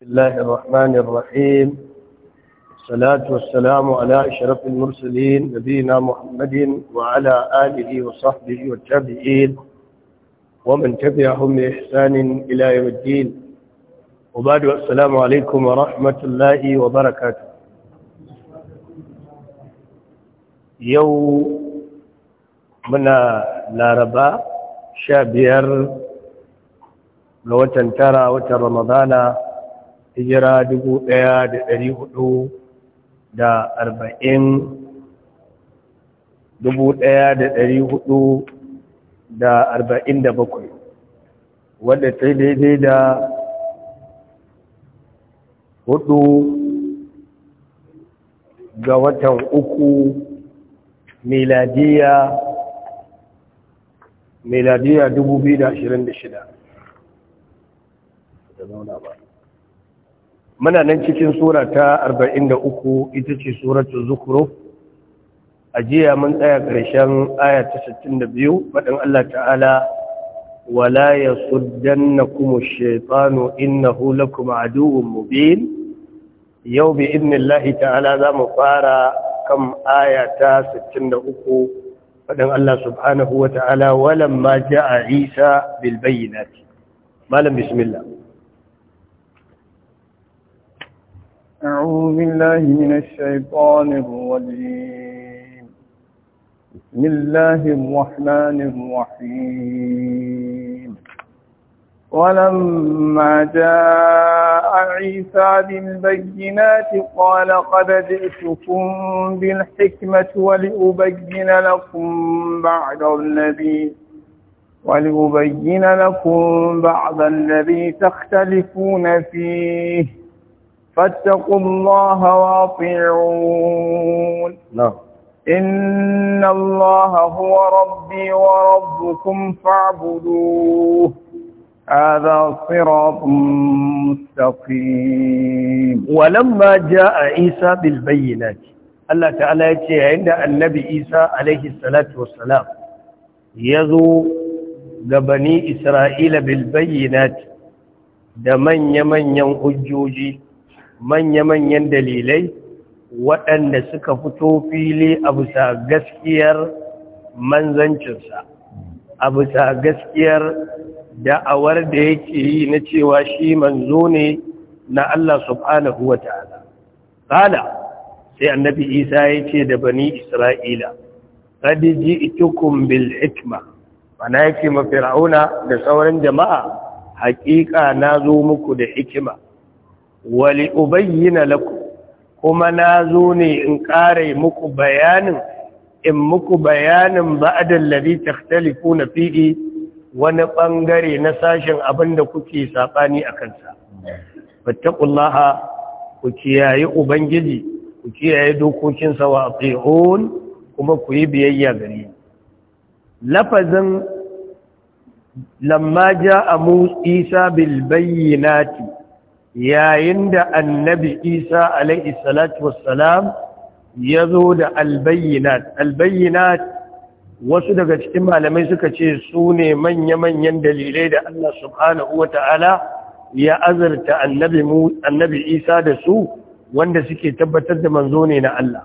بسم الله الرحمن الرحيم الصلاة والسلام على أشرف المرسلين نبينا محمد وعلى آله وصحبه والتابعين ومن تبعهم بإحسان إلى يوم الدين وبعد السلام عليكم ورحمة الله وبركاته يوم من لاربا شابير biyar ترى وتر رمضانا hijira dubu ɗaya da ɗari hudu da arba'in dubu ɗaya da ɗari hudu da arba'in da bakwai wadda ta daidai da hudu ga watan uku miladiya miladiya shida da zauna ba muna nan cikin sura ta 43 ita ce suratul zukhruf ajiya mun tsaya ƙarshen aya ta 62 faɗin Allah ta'ala wala yasuddannakum ash-shaytanu innahu lakum aduwwun mubin yau bi idnillahi ta'ala zamu fara kan aya ta 63 faɗin Allah subhanahu wa ta'ala walamma ja'a Isa bil bayyinati malam bismillah أعوذ بالله من الشيطان الرجيم بسم الله الرحمن الرحيم ولما جاء عيسى بالبينات قال قد جئتكم بالحكمة ولأبين لكم بعد الذي ولأبين لكم بعض الذي تختلفون فيه فاتقوا الله واطيعون نعم إن الله هو ربي وربكم فاعبدوه هذا صراط مستقيم ولما جاء عيسى بالبينات الله تعالى يتيه عند النبي عيسى عليه الصلاة والسلام يذو لبني إسرائيل بالبينات دمن يمن manyan manya-manyan dalilai waɗanda suka fito fili a bisa gaskiyar manzancinsa a bisa gaskiyar da'awar da yake yi na cewa shi manzo ne na Allah subhanahu wa ta'ala ƙala sai annabi isa ya ce da bani isra'ila ji itukun bil hikma mana yake mafir'auna da sauran jama'a haƙiƙa na zo muku da hikima wali ubayyana lakum kuma na zo ne in ƙara muku bayanin in muku bayanin ba'adin lari na fi'i wani ɓangare na sashen abin da kuke saɓani a kansa. Fattakullaha ku kiyaye Ubangiji, ku kiyaye dokokinsa wa fi'un kuma ku yi biyayya gari. Lafazin lamma ja a Isa bil bayyinati yayin da annabi isa alaihi salatu wassalam ya zo da albayyinat albayyinat wasu daga cikin malamai suka ce su ne manya-manyan dalilai da Allah subhanahu wata'ala ya azarta annabi isa da su wanda suke tabbatar da manzo ne na Allah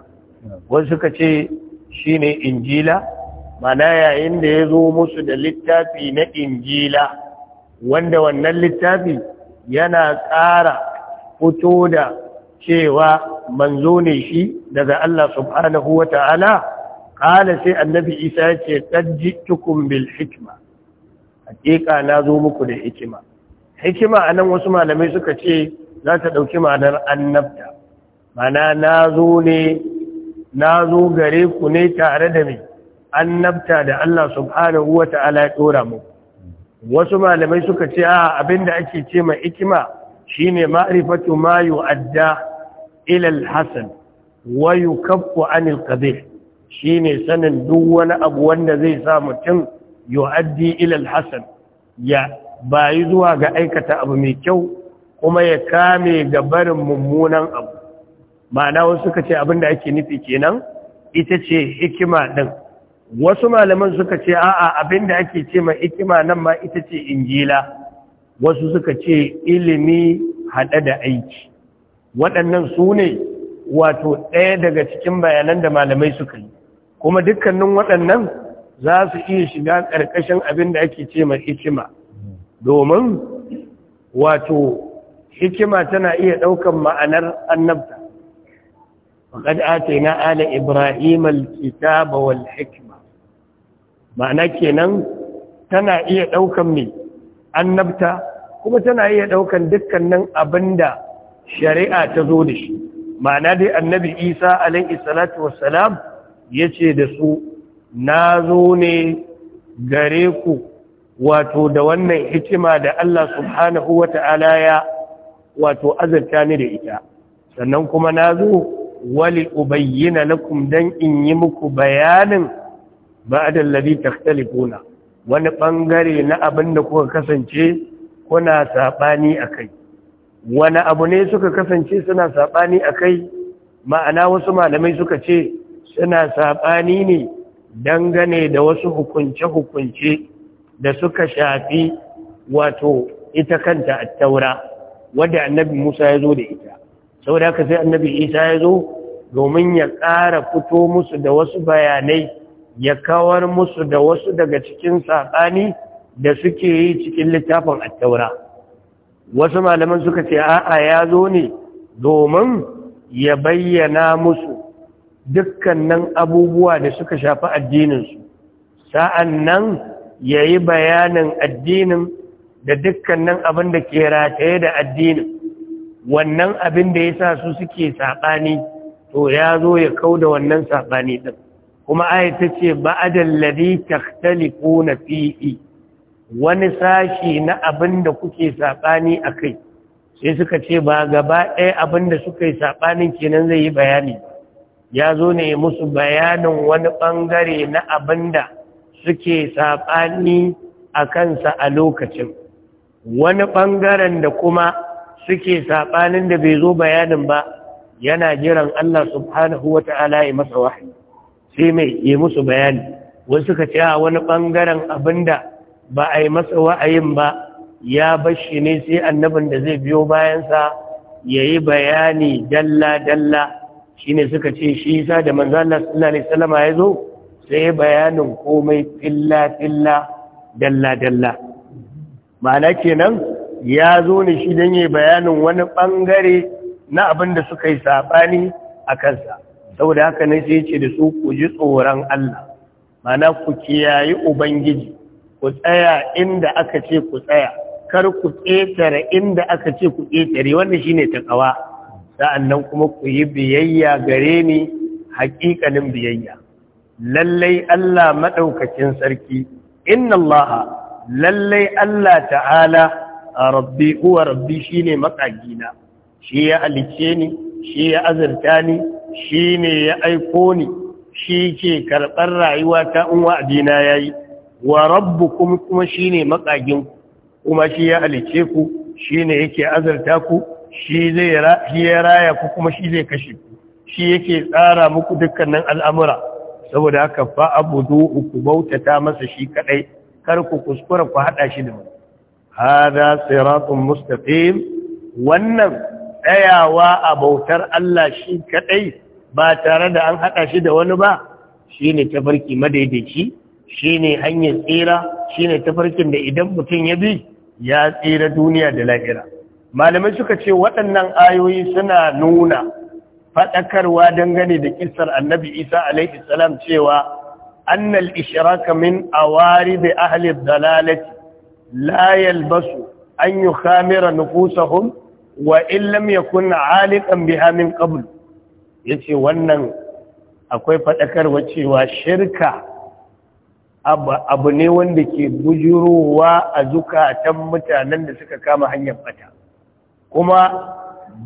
wasu suka ce shi ne injila mana yayin da ya zo musu da littafi na injila wanda wannan littafi yana ƙara fito da cewa manzo ne shi daga Allah subhanahu wa ta'ala ƙala sai annabi isa ce ɗanji tukun bil hikima haƙiƙa na zo muku da hikima hikima a nan wasu malamai suka ce za ta ɗauki ma'anar annabta mana na zo ne na zo gare ku ne tare da mai annabta da Allah subhanahu wa ta'ala ya ɗora muku wasu malamai suka ce a abinda ake ce mai ikima shine ma'rifatu ma yu'adda Ilal Hassan hasan wa yukaffu anil qabih shine sanin duk wani abu wanda zai sa mutum yu'addi ila al-hasan ya bayi zuwa ga aikata abu mai kyau kuma ya kame ga barin mummunan abu ma'ana wasu suka ce abinda ake nufi kenan ita ce hikima din wasu malaman suka ce a'a abinda ake ce mai ikima nan ma ita ce injila wasu suka ce ilimi haɗe da aiki waɗannan su ne wato ɗaya daga cikin bayanan da malamai suka yi kuma dukkanin waɗannan za su iya shiga ƙarƙashin abin da ake ce mai hikima domin wato hikima tana iya ɗaukan ma'anar annabta faƙad ce na ala ibrahim alkitaba wal hikima ma'ana kenan tana iya ɗaukan mai annabta kuma tana iya ɗaukan dukkanin abinda shari'a ta zo da shi ma'ana dai annabi isa alaihi salatu wassalam ya ce da su na zo ne gare ku wato da wannan hikima da Allah subhanahu wa ta'ala ya wato azarta ni da ita sannan kuma na zo wali ubayyana lakum dan in yi muku bayanin ba da lari takhtalifuna wani ɓangare na abin da kuka kasance kuna sabani kai. wani abu ne suka kasance suna sabani akai ma'ana wasu malamai suka ce suna saɓani ne dangane da wasu hukunce-hukunce da suka shafi wato ita kanta taura? wadda annabi Musa ya zo da ita saboda haka sai annabi Isa ya zo domin ya ƙara fito musu da wasu bayanai ya kawar musu da wasu daga cikin saɓani da suke yi cikin littafin attaura wasu malaman suka ce a'a ya zo ne domin ya bayyana musu dukkanin abubuwa da suka shafi addininsu sa'an nan ya yi bayanin addinin da dukkanin abin da ke rataye da addinin wannan abin da ya sa su suke saɓani to ya zo ya kau da wannan saɓani ɗin kuma ai ta ce ba'adal ladhi takhtalifuna fihi wani sashi na abin da kuke sabani akai sai suka ce ba gaba ɗaya abin da suka yi sabanin kenan zai yi bayani ya zo ne musu bayanin wani bangare na abin da suke sabani a kansa a lokacin wani ɓangaren da kuma suke saɓanin da bai zo bayanin ba yana jiran Allah subhanahu wa Ta'ala ya masa wahayi sai mai yi musu bayani wasu suka ce a wani bangaren da ba a yi masa wa'ayin ba ya bashi ne sai annabin da zai biyo bayansa ya yi bayani dalla-dalla shi ne suka ce shi sa da manzana sallallahu salama ya zo sai bayanin komai filla-filla dalla-dalla ma'ana kenan ya zo ne shi don yi bayanin wani ɓangare na abin da suka yi saɓani a kansa saboda haka na sai ce da su ku ji tsoron Allah mana ku kiyayi ubangiji ku tsaya inda aka ce ku tsaya kar ku ƙetare inda aka ce ku ƙetare wannan shine takawa sa'annan kuma ku yi biyayya gare ni haƙiƙanin biyayya lallai Allah madaukakin sarki inna Allah lallai Allah ta'ala rabbi huwa rabbi shine makagina shi ya alice ni shi ya azurta ni shi ne ya aiko ni shi ke karɓar rayuwa ta in abina ya yi wa rabu kuma shi ne maƙaginku kuma shi ya alice ku shi ne yake azarta ku shi ya raya ku kuma shi zai kashe ku shi yake tsara muku dukkanin al'amura saboda haka fa abu abudu ku bautata masa shi kaɗai kar ku kuskura ku haɗa shi da mu hada siratun Mustapha, wannan tsayawa a bautar Allah shi kaɗai ba tare da an haɗa shi da wani ba shi ne tafarki madaidaici shi ne hanyar tsira shi ne tafarkin da idan mutum ya bi ya tsira duniya da la'ira malamai suka ce waɗannan ayoyi suna nuna faɗakarwa dangane da kisar annabi isa alaihi salam cewa annal ishraka min awari da ahli dalalati la yalbasu an nufusa nufusahum wa in lam yakun aliqan biha min qabl yace wannan akwai fadakarwa cewa shirka abu ne wanda ke bujurowa a zukatan mutanen da suka kama hanyar fata kuma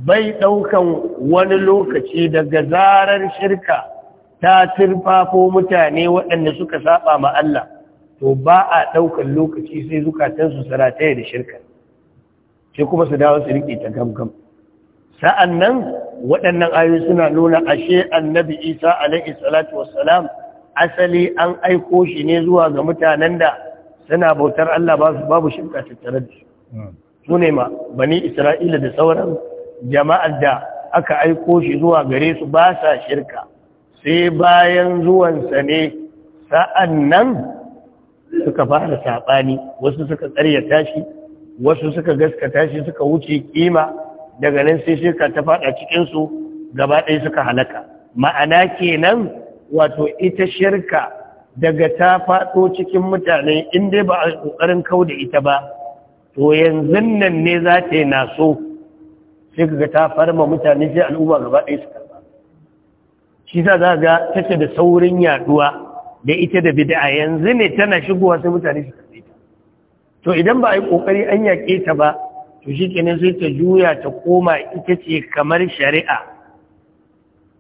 bai daukan wani lokaci daga zarar shirka ta turfafo mutane waɗanda suka saba ma Allah to ba a ɗaukan lokaci sai zukatansu sarataye da shirka shi kuma su dawo su riƙe ta gamgam sa'an nan waɗannan ayoyi suna nuna ashe annabi isa alaihi salatu wassalam asali an aiko shi ne zuwa ga mutanen da suna bautar allah babu shirka tattare da su hmm. su ne ma bani isra'ila da sauran jama'ar da aka aiko shi zuwa gare su ba sa shirka sai bayan zuwansa ne sa'annan suka fara saɓani wasu suka tsariya tashi wasu suka gaskata shi suka wuce kima daga nan sai shirka ta fada cikinsu gaba ɗaya suka halaka ma'ana kenan wato ita shirka daga ta faɗo cikin mutane in dai ba a ƙoƙarin kau da ita ba to yanzu nan ne za ta yi naso sai kaga ta farma mutane sai al'umma gaba ɗaya suka karba shi sa za ga take da saurin yaduwa da ita da bid'a yanzu ne tana shigowa sai mutane suka to idan ba a yi ƙoƙari an yaƙe ta ba to shi kenan sai ta juya ta koma ita ce kamar shari'a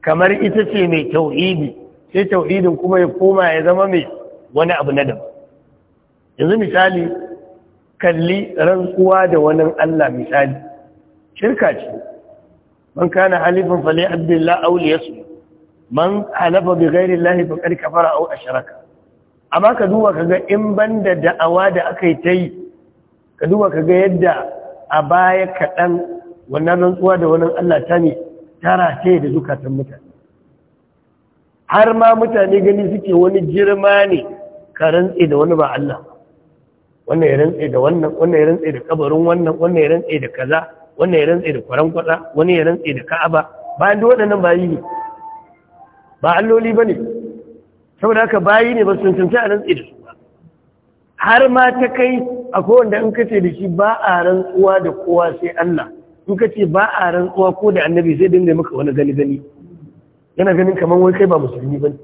kamar ita ce mai tauhidi sai tauhidin kuma ya koma ya zama mai wani abu na daban yanzu misali kalli rantsuwa da wani Allah misali shirka ce man kana halifin fali abdullahi auliyasu yasu man halafa bi ghairi llahi faqad kafara aw asharaka amma ka duba kaga in banda da'awa da aka yi ta yi ka duba kaga yadda a baya kaɗan wannan rantsuwa da wannan Allah ta ne tara ce da zukatan mutane har ma mutane gani suke wani girma ne ka rantse da wani ba Allah wannan ya rantse da wannan wannan ya rantse da kabarin wannan wannan ya rantse da kaza wannan ya rantse da kwaran kwada wani ya rantse da ka'aba bayan da waɗannan ba yi ne ba alloli ba ne saboda haka bayi ne ba sun tuntunta a rantsi da su ba har ma ta kai a kowanda in kace da shi ba a rantsuwa da kowa sai Allah in kace ba a rantsuwa ko da annabi sai dinga maka wani gani gani yana ganin kamar wai kai ba musulmi bane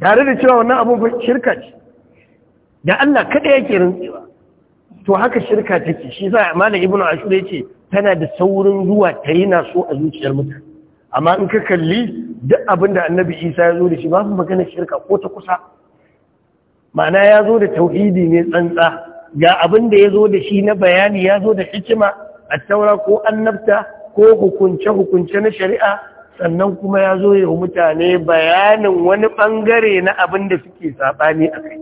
tare da cewa wannan abu shirka ce da Allah kada yake rantsewa to haka shirka take shi sa malam ibnu ashur yace tana da saurin zuwa ta yi na so a zuciyar mutane amma in ka kalli duk abin da annabi isa ya zo da shi babu magana shirka ko ta kusa ma'ana ya zo da tauhidi ne tsantsa ga abin da ya zo da shi na bayani ya zo da hikima a taura ko annabta ko hukunce-hukunce na shari'a sannan kuma ya zo ya mutane bayanin wani bangare na abin da suke saɓani a kai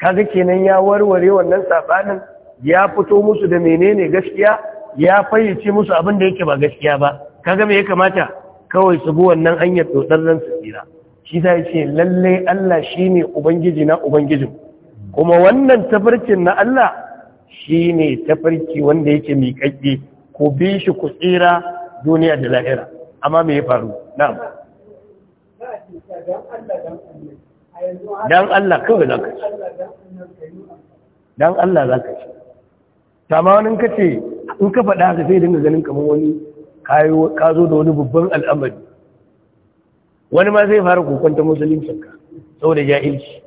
kaga kenan ya warware wannan saɓanin ya fito musu da menene gaskiya ya fayyace musu abin da yake ba gaskiya ba kaga me ya kamata kawai su bi wannan hanyar tsotsar ran su tsira shi ta ce lalle Allah shi ne ubangiji na ubangijin kuma wannan tafarkin na Allah shi ne tafarki wanda yake miƙaƙƙe ko bi shi ku tsira duniya da lahira amma me ya faru na'am dan Allah kawai zaka ci dan Allah zaka ci ta ma wani kace in ka faɗa haka sai dinga ganin kamar wani ka zo da wani babban al'amari wani ma zai fara kokonta Sau saboda jahilci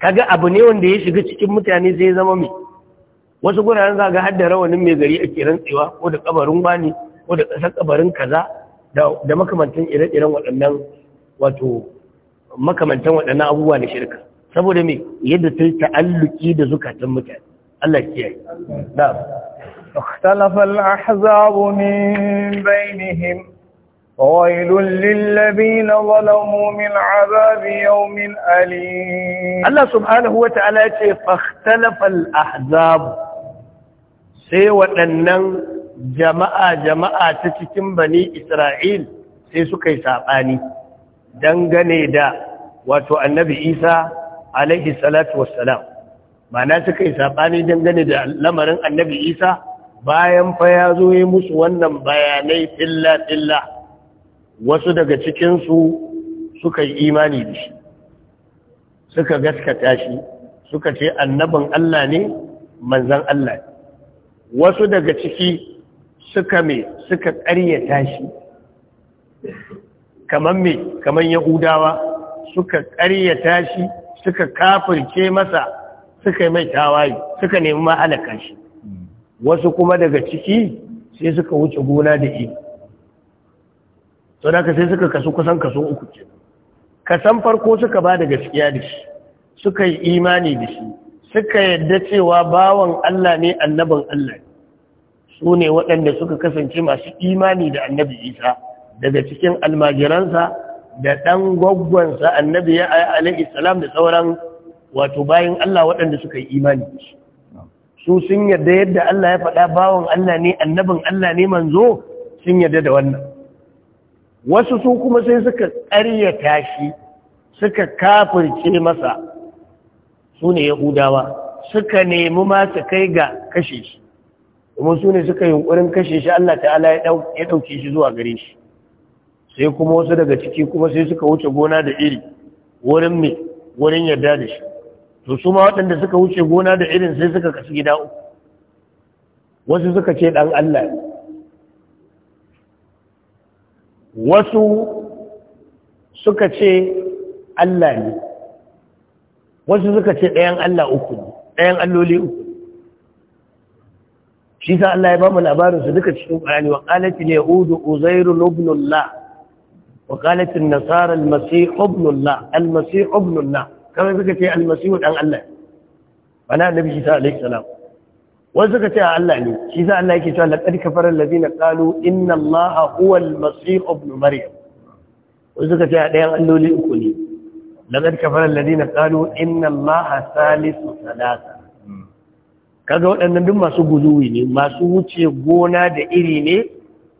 kaga abu ne wanda ya shiga cikin mutane zai zama mai wasu guraren za ga haddara rawanin mai gari a ake tsewa, ko da kabarin wani ko da kasar kabarin kaza da makamantan ire-iren waɗannan wato makamantan waɗannan abubuwa na shirka saboda mai yadda ta ta'alluki da zukatan mutane Allah kiyaye na'am اختلف الأحزاب من بينهم وويل للذين ظلموا من عذاب يوم أليم الله سبحانه وتعالى فاختلف الأحزاب sai waɗannan jama'a jama'a ta cikin bani Isra'il sai suka yi saɓani dangane da wato annabi Isa alaihi salatu wassalam ma'ana suka yi saɓani dangane da lamarin annabi Isa bayan fa ya zo yi musu wannan bayanai filla-filla wasu daga cikinsu suka yi imani da shi suka gaskata shi suka ce annabin Allah ne manzan Allah ne wasu daga ciki suka me suka ƙaryata shi kamar me kamar yahudawa suka ƙaryata shi suka kafirce masa suka yi mai tawaye suka nemi ma'alaka shi wasu kuma daga ciki sai suka wuce gona da iri saboda sai suka kasu kusan kaso uku ce kasan farko suka ba da gaskiya da shi suka yi imani da shi suka yadda cewa bawan Allah ne annabin Allah su ne waɗanda suka kasance masu imani da annabi isa daga cikin almajiransa da ɗan gwaggwansa annabi ya ayi da sauran wato bayan Allah waɗanda suka yi imani da shi su sun yarda yadda Allah ya faɗa bawan Allah ne annabin Allah ne manzo sun yarda da wannan wasu su kuma sai suka ƙaryata shi suka kafirce masa su ne yahudawa suka nemi masa kai ga kashe shi kuma su ne suka yunkurin kashe shi Allah ta'ala ya ɗauke shi zuwa gare shi sai kuma wasu daga ciki kuma sai suka wuce gona da iri wurin mai wurin yarda da shi to su ma waɗanda suka wuce gona da irin sai suka kasu gida uku wasu suka ce ɗan Allah ne wasu suka ce Allah ne wasu suka ce ɗayan Allah uku ne ɗayan alloli uku shi sa Allah ya ba mu labarin su duka cikin Qur'ani wa qalat al yahud uzair ibn Allah wa qalat an nasara masih ibn al masih ibn kamar suka ce almasihu dan Allah bana annabi isa alaihi salam wani suka ce Allah ne shi sa Allah yake cewa qad kafara allazina qalu inna allaha huwa almasih ibn maryam wani suka ce ɗayan alloli uku ne qad kafara allazina qalu inna allaha salisu salasa kaga waɗannan duk masu guzuwi ne masu wuce gona da iri ne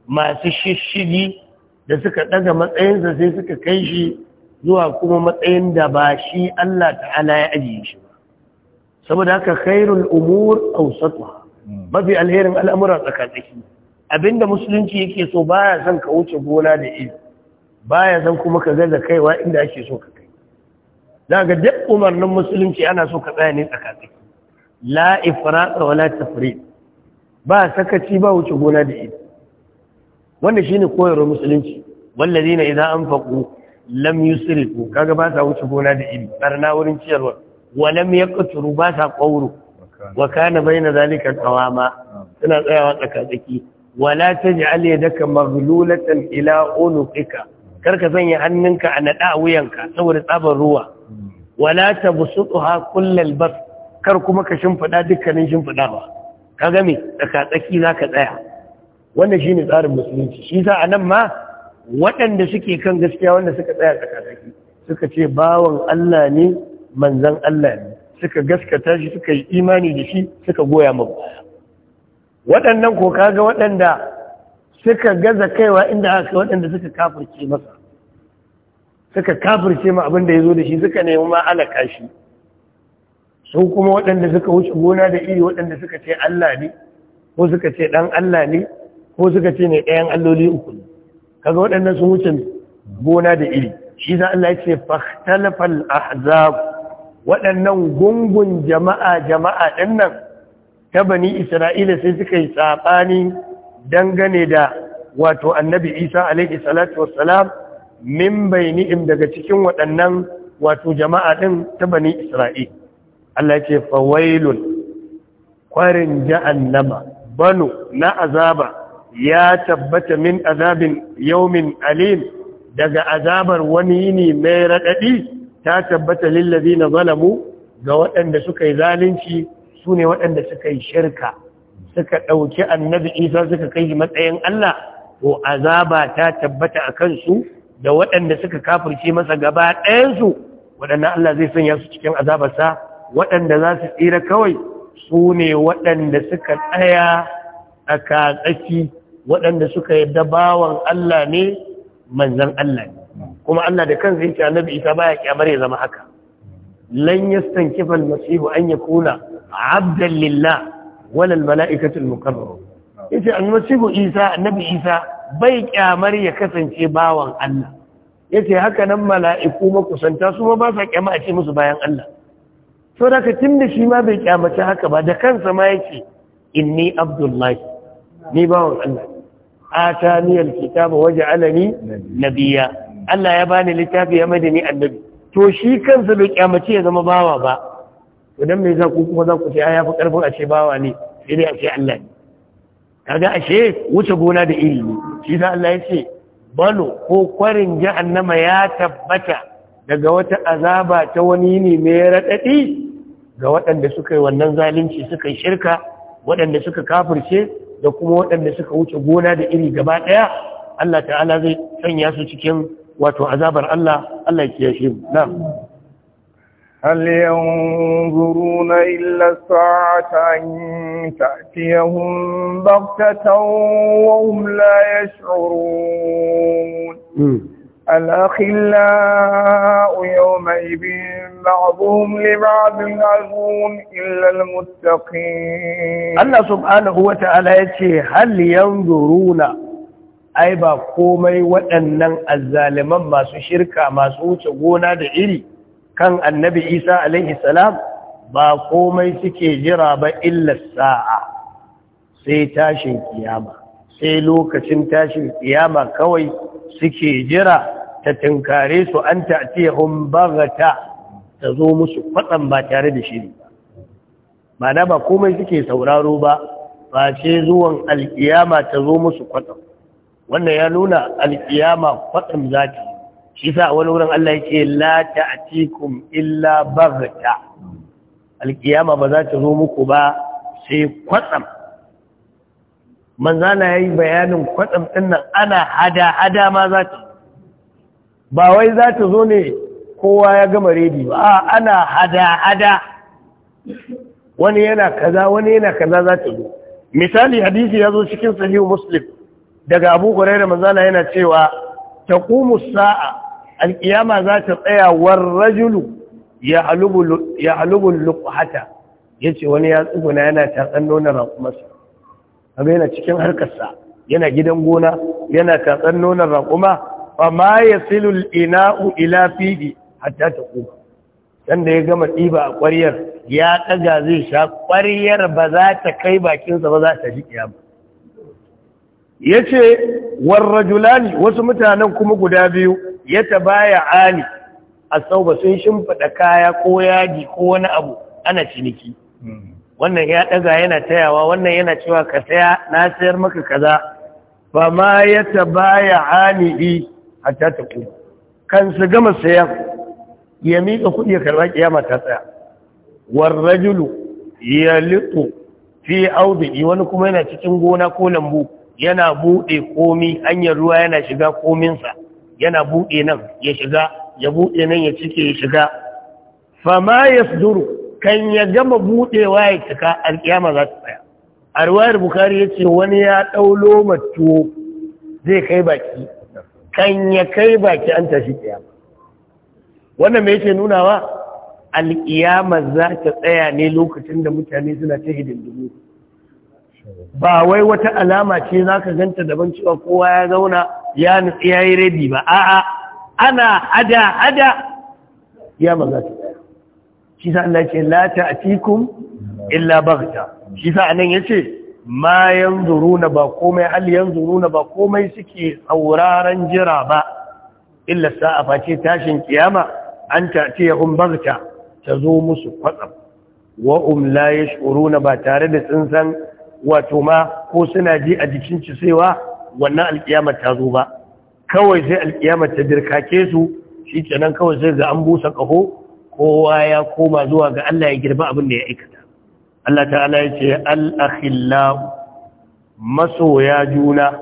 masu shishigi da suka ɗaga matsayinsa sai suka kai shi zuwa kuma matsayin da ba shi Allah ta'ala ya ajiye shi ba saboda haka khairul umur awsatuha mafi alherin al'amura tsakatsaki abinda musulunci yake so baya son ka wuce gona da ba baya son kuma ka gaza kaiwa inda ake so ka kai daga duk umarnin musulunci ana so ka tsaya ne tsakatsaki la ifrata wala tafrid ba sakaci ba wuce gona da shine koyarwar musulunci wallazina idan anfaqu lam yusrifu kaga ba sa wuce gona da iri barna wurin ciyarwa wa lam yaqturu ba sa qawru wa kana baina zalika qawama suna tsayawa tsakatsaki wala taj'al yadaka maghlulatan ila unuqika karka sanya hannunka a nada wuyanka saboda tsabar ruwa wala tabsutha kullal bas kar kuma ka shimfida dukkanin shimfidawa kaga me tsakatsaki zaka tsaya wannan shine tsarin musulunci shi sa anan ma waɗanda suke kan gaskiya wanda suka tsaya tsakatsaki suka ce bawan Allah ne manzan Allah ne suka gaskata shi suka yi imani da shi suka goya mu waɗannan ko kaga waɗanda suka gaza kaiwa inda aka waɗanda suka kafirce masa suka kafirce ma abin da ya zo da shi suka nemi ma alaka shi sun kuma waɗanda suka wuce gona da iri waɗanda suka ce Allah ne ko suka ce ɗan Allah ne ko suka ce ne ɗayan alloli uku ne kaga waɗannan sun wuce gona da iri shi za Allah ya ce fahtalafal ahzab waɗannan gungun jama'a jama'a nan, ta bani isra'ila sai suka yi saɓani dangane da wato annabi isa alaihi salatu wassalam min in daga cikin waɗannan wato jama'a ɗin ta bani isra'ila Allah ce fawailun kwarin ja'annama banu na azaba ya tabbata min azabin yaumin alim daga azabar wani yini mai raɗaɗi ta tabbata lillazi na zalamu ga waɗanda suka yi zalunci su ne waɗanda suka yi shirka suka ɗauki annabi isa suka kai matsayin Allah ko azaba ta tabbata a kansu da waɗanda suka kafirce masa gaba ɗayansu waɗanda Allah zai sanya su cikin azabarsa waɗanda za su tsira kawai su ne waɗanda suka tsaya a katsaki waɗanda suka yadda bawan Allah ne manzan Allah ne kuma Allah da kansa yake annabi Isa baya kyamar ya zama haka lan yastankifa al-masihu an yakuna abdan lillah wala al-mala'ikatu al-muqarrab yace al-masihu Isa annabi Isa bai kyamar ya kasance bawan Allah yace haka nan mala'iku makusanta su ba sa kyama a ce musu bayan Allah so da ka tunda shi ma bai kyamace haka ba da kansa ma yake inni abdullahi ni bawan Allah atani alkitaba waj'alani nabiyya Allah ya bani littafi ya madani annabi to shi kansa bai kyamace ya zama bawa ba idan me zaku kuma za ku ce ya fi karfin a ce bawa ne sai dai a ce Allah ne kaga ashe wuce gona da ilimi ne shi da Allah ya ce balo ko kwarin jahannama ya tabbata daga wata azaba ta wani ne mai raɗaɗi ga waɗanda suka yi wannan zalunci suka yi shirka waɗanda suka kafirce da kuma waɗanda suka wuce gona da iri gaba ɗaya Allah ta'ala zai sanya su cikin wato azabar Allah Allah ya kiyashe mu na'am هل ينظرون إلا الساعة أن تأتيهم بغتة وهم لا يشعرون الأخلاء يومئذ بعضهم لبعض عزون إلا المتقين الله سبحانه وتعالى يتشي هل ينظرون أي باقومي وأنن الظالمان ما سشركا ما سوتقونا دعيري كان النبي عيسى عليه السلام باقومي سكي جراب إلا الساعة سيتاشي قيامة سيلوك سنتاشي قيامة كوي suke jira ta tinkare su an ta'tihum baghata ta zo musu kwatsam ba tare da shiri ba mana ba komai suke sauraro ba ba ce zuwan alkiyama ta zo musu kwatsam wannan ya nuna alkiyama kwatsam za ta shi sa wani wurin Allah yake la ta'tikum illa baghata alkiyama ba za ta zo muku ba sai kwatsam manzana yayi bayanin kwatsam din nan ana hada hada ma za ta ba wai za ta zo ne kowa ya gama redi ba ana hada-hada wani yana kaza wani yana kaza za ta zo misali hadisi ya zo cikin sahihu muslim daga abu da mazana yana cewa ta kumu sa'a alƙiyama za ta tsaya war rajulu ya lukuhata Ya ce wani ya tsuguna yana tatsan nonon raƙumarsa abu yana cikin harkarsa yana gidan gona yana tatsan nonon raƙuma fa ma silul inau ila fidi hatta taqum dan da ya gama ɗiba a ƙwaryar ya ɗaga zai sha ƙwaryar ba za ta kai bakinsa ba za ta Ya ce, yace warrajulani wasu mutanen kuma guda biyu ya a sau ba sun shimfiɗa kaya ko yaji ko wani abu ana ciniki wannan ya daga yana tayawa wannan yana cewa ka saya na sayar maka kaza ba ma ya tabaya ali hatta ta kuma kan su gama sayan ya miƙa kuɗi ya karɓa kiyama ta tsaya rajulu ya liƙo fi audi wani kuma yana cikin gona ko lambu yana buɗe komi hanyar ruwa yana shiga kominsa yana buɗe nan ya shiga ya buɗe nan ya cike ya shiga fama ya kan ya gama buɗewa ya cika alƙiyama za ta tsaya a ruwayar bukari ya ce wani ya ɗau loma tuwo zai kai baki kan ya kai baki an tashi kiyama wannan me yake nunawa alƙiyama za ta tsaya ne lokacin da mutane suna ta hidindimu ba wai wata alama ce za ka ganta daban cewa kowa ya zauna ya nutsi ya yi rabi ba a'a ana hada hada kiyama za ta tsaya shi sa Allah ce la ta'tikum illa baghta shi sa anan yace ma yanzuruna ba komai hal yanzuruna ba komai suke tsauraran jira ba illa sa'a face tashin kiyama an ta'tiyahum ta tazo musu kwatsam wa um la ba tare da sun san wato ma ko suna ji a jikin ci cewa wannan alkiyama ta zo ba kawai sai alkiyama ta dirkake su kenan kawai sai ga an busa kaho kowa ya koma zuwa ga Allah ya girba abin da ya aikata Allah ta'ala ya ce masoya juna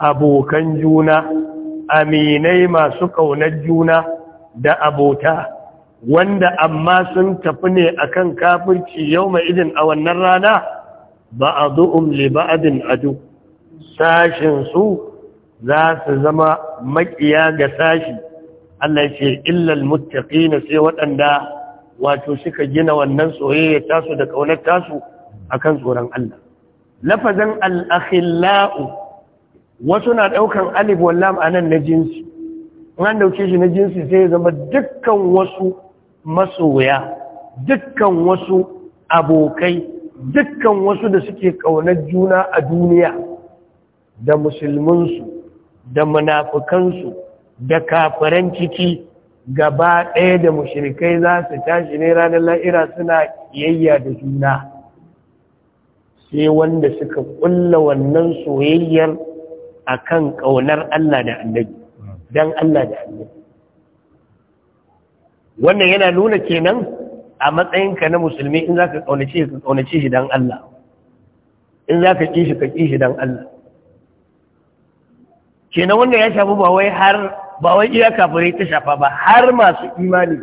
abokan juna aminai masu ƙaunar juna da abota wanda amma sun tafi ne a kan kafirci yau ma idin a wannan rana ba a zo'un liba'adin adu sashinsu za su zama maƙiya ga sashi Allah ce illal mutaƙi na sai waɗanda wato suka gina wannan soyayya tasu da ƙaunar tasu akan tsoron Allah lafazan al-akhillau wasu na ɗaukan alif wal lam anan na jinsi an dauke shi na jinsi sai ya zama dukkan wasu masoya dukkan wasu abokai dukkan wasu da suke ƙaunar juna a duniya da musulmansu da munafukansu da kafiran ciki gaba ɗaya da mashirikai za su tashi ne ranar la'ira suna yayya da juna sai wanda suka ƙulla wannan soyayyar a kan ƙaunar Allah da annabi don Allah da annabi wannan yana nuna kenan a matsayinka na musulmi in za ka ƙaunace ka ƙaunace shi don Allah in za ka ƙi shi ka ƙi shi don Allah kenan wannan ya shafi ba wai har ba wai iya kafirai ta shafa ba har masu imani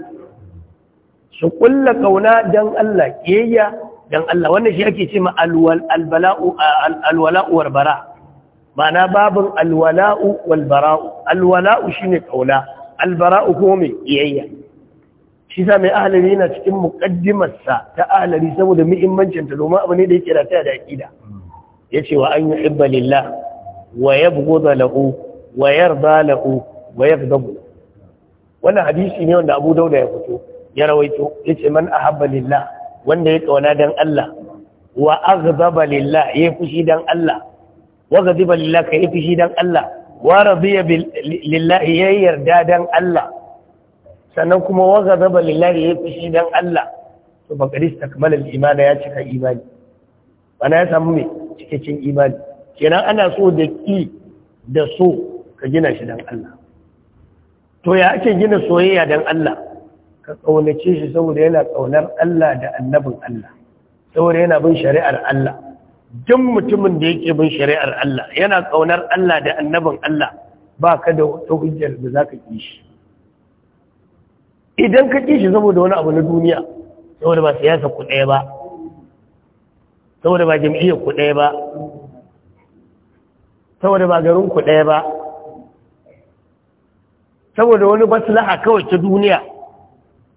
su kulla kauna dan Allah kiyayya don Allah wannan shi ake ce ma albala'u alwala'u war bara ma'ana babun alwala'u wal bara'u alwala'u shine kauna albara'u kuma mai kiyayya shi sa mai ahalari yana cikin muqaddimarsa ta ahalari saboda muhimmancin ta domin abu ne da yake rataya da aqida yace wa an yuhibba lillah wa yabghudha lahu wa yarda lahu wa yaghdabu wannan hadisi ne wanda Abu Dauda ya fito ya rawaito ya yace man ahabba lillah wanda ya kauna dan Allah wa aghdaba lillah ya yi fushi dan Allah wa ghadiba lillah ka yi fushi dan Allah wa radiya lillah ya yi yarda dan Allah sannan kuma wa ghadaba lillah ya yi fushi dan Allah to bakaris takmal al-iman ya cika imani bana ya samu mai cikakken imani kenan ana so da ki da so ka gina shi dan Allah to ya ake gina soyayya don Allah ka kaunace shi saboda yana ƙaunar Allah da annabin Allah saboda yana bin shari'ar Allah duk mutumin da yake bin shari'ar Allah yana ƙaunar Allah da annabin Allah ba ka da wata hujjar da za ka shi idan ka ki shi saboda wani abu na duniya saboda ba siyasa ku ɗaya ba saboda ba jam'iyyar ku ɗaya ba saboda ba garin ku ɗaya ba saboda wani maslaha kawai ta duniya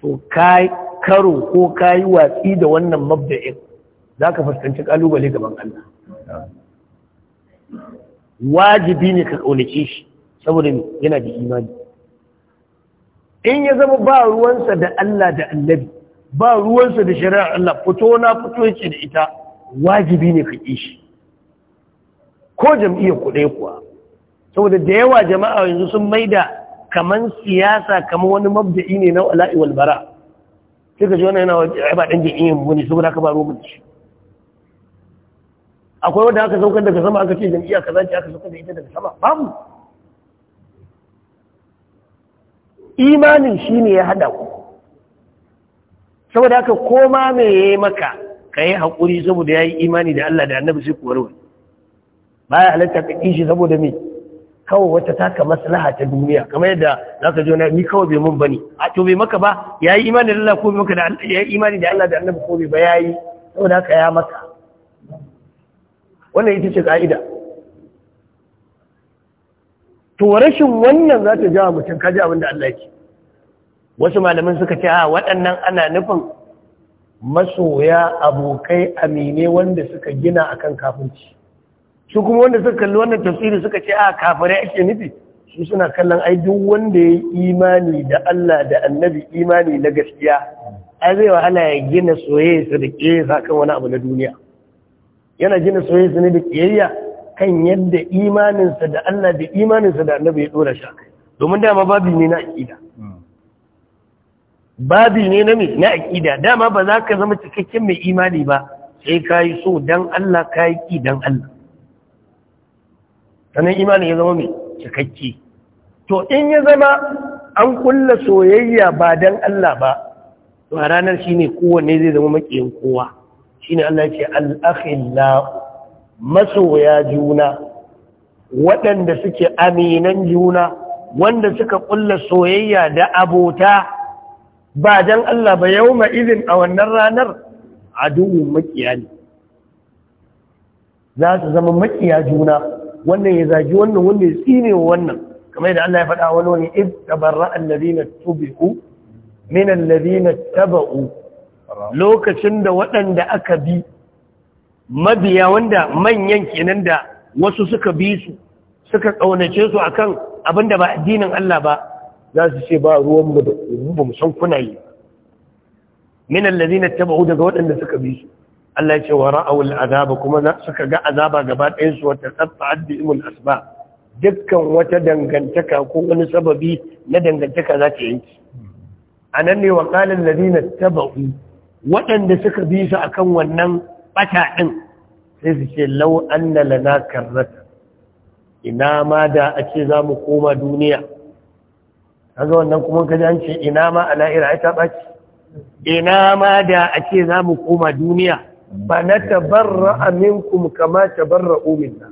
to kai karo ko kai watsi da wannan mabda'in ka fuskanci kalubale gaban Allah wajibi ne ka kaunace shi saboda yana da imani in ya zama ba ruwansa da Allah da annabi ba ruwansa da shari'ar Allah fito na fito yake da ita wajibi ne ka ƙi shi ko jam'iyyar kuɗai kuwa saboda da yawa jama'a yanzu sun maida kaman siyasa kama wani mabda'i ne na wala'i walbara bara sai ka ji wani yana ba dan jami'in mu ne saboda ka ba rubuta shi akwai wanda aka saukar daga sama aka ce iya ka zaki aka saukar da ita daga sama babu imanin ne ya hada ku saboda haka koma me yi maka ka yi hakuri saboda ya yi imani da Allah da Annabi sai ku Ba baya halatta ka shi saboda me kawai wata taka maslaha ta duniya kamar yadda zaka ji ni kawai bai mun bane a to bai maka ba yayi imani da Allah ko bai maka da Allah yayi imani da Allah da Annabi ko bai ba yayi saboda haka ya maka wannan ita ce ka'ida to rashin wannan za ta jawa mutum ka ji abin da Allah yake wasu malaman suka ce a waɗannan ana nufin masoya abokai amine wanda suka gina akan kafinci su kuma wanda suka kalli wannan tafsiri suka ce a ah, kafare ake nufi su suna kallon ai duk wanda ya yi imani da Allah da annabi imani na gaskiya ai zai wahala ya gina soyayya su da kiyayya kan wani abu na duniya yana gina soyayya ne da kiyayya kan yadda imaninsa da Allah da imaninsa da annabi ya dora shi akai domin dama babi ne na aqida babi ne na na aqida dama ba za ka zama cikakken mai imani ba sai ka yi so dan Allah ka yi ki dan Allah sannan imani ya zama mai cikakke to in ya zama an kulla soyayya ba dan Allah ba to a ranar shi ne kowanne zai zama makiyin kowa Shi ne Allah ce al’akhila masoya juna waɗanda suke aminan juna wanda suka kulla soyayya da abota ba dan Allah ba yauma izin a wannan ranar aduwwun makiya ne za su zama makiya juna wannan ya zagi wannan wanda ya tsine wa wannan kamar da Allah ya faɗa wani wani id tabarra alladhina tubi'u min alladhina taba'u lokacin da waɗanda aka bi mabiya wanda manyan kenan da wasu suka bi su suka kaunace su akan abinda ba addinin Allah ba za su ce ba mu da ba mu san kuna yi min alladhina taba'u daga waɗanda suka bi su Allah ya ce wa ra'awul azaba kuma suka ga azaba gaba ɗayan su wata tsaffa'at bi imul asba dukkan wata dangantaka ko wani sababi na dangantaka za ta yanki nan ne wa qala ta tabau waɗanda suka bi su akan wannan ɓata ɗin. sai su ce law anna lana karrata ina ma da a ce za mu koma duniya kaga wannan kuma kaji an ce ina ma a la'ira ai ta ɓaci ina ma da a ce za mu koma duniya ba na tabarra aminkum kama tabarra umina